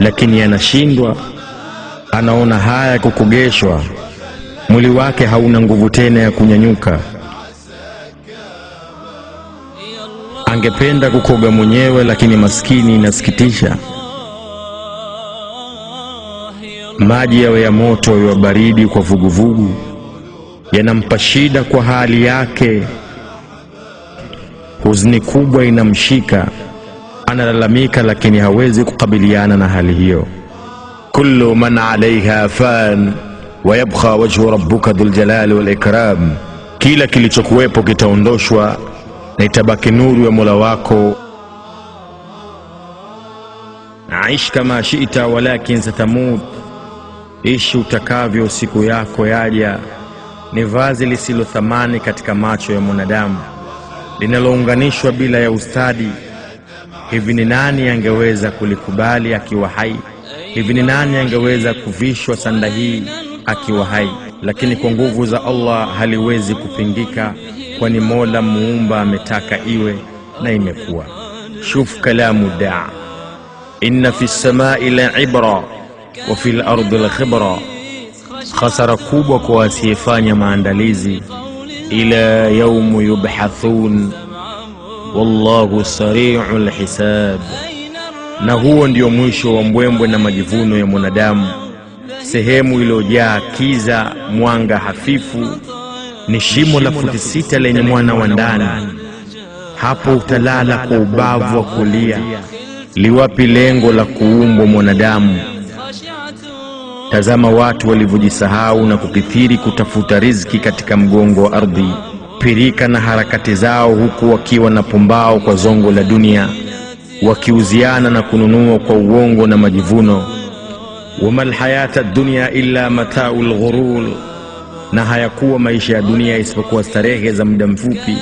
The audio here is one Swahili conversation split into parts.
lakini anashindwa. Anaona haya ya kukogeshwa, mwili wake hauna nguvu tena ya kunyanyuka. Angependa kukoga mwenyewe, lakini maskini, inasikitisha. Maji yawe ya moto, ya baridi, kwa vuguvugu, yanampa shida kwa hali yake. Huzuni kubwa inamshika analalamika, lakini hawezi kukabiliana na hali hiyo. kullu man alaiha fan wa yabqa wajhu rabbuka dhul jalali wal ikram, kila kilichokuwepo kitaondoshwa na itabaki nuru ya Mola wako. aish kama shita walakin satamut, ishi utakavyo, siku yako yaja. Ni vazi lisilo thamani katika macho ya mwanadamu linalounganishwa bila ya ustadi Hivi ni nani angeweza kulikubali akiwa hai? Hivi ni nani angeweza kuvishwa sanda hii akiwa hai? Lakini kwa nguvu za Allah haliwezi kupingika, kwani Mola muumba ametaka iwe na imekuwa. Shuf kalamu daa inna fi samai la ibra wa fi lardi la khibra, khasara kubwa kwa wasiyefanya maandalizi. Ila yaumu yubhathun wallahu sariul hisab. Na huo ndio mwisho wa mbwembwe na majivuno ya mwanadamu, sehemu iliyojaa kiza, mwanga hafifu ni shimo la futi sita lenye mwana wa ndani. Hapo utalala kwa ubavu wa kulia. Liwapi lengo la kuumbwa mwanadamu? Tazama watu walivyojisahau na kukithiri kutafuta riziki katika mgongo wa ardhi pirika na harakati zao, huku wakiwa na pumbao kwa zongo la dunia, wakiuziana na kununua kwa uongo na majivuno. Wama lhayata dunia illa matau lghurur, na hayakuwa maisha ya dunia isipokuwa starehe za muda mfupi.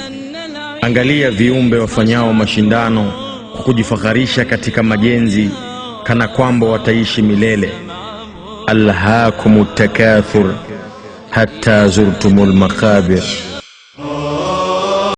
Angalia viumbe wafanyao mashindano kwa kujifaharisha katika majenzi, kana kwamba wataishi milele. Alhakum takathur hata zurtumul maqabir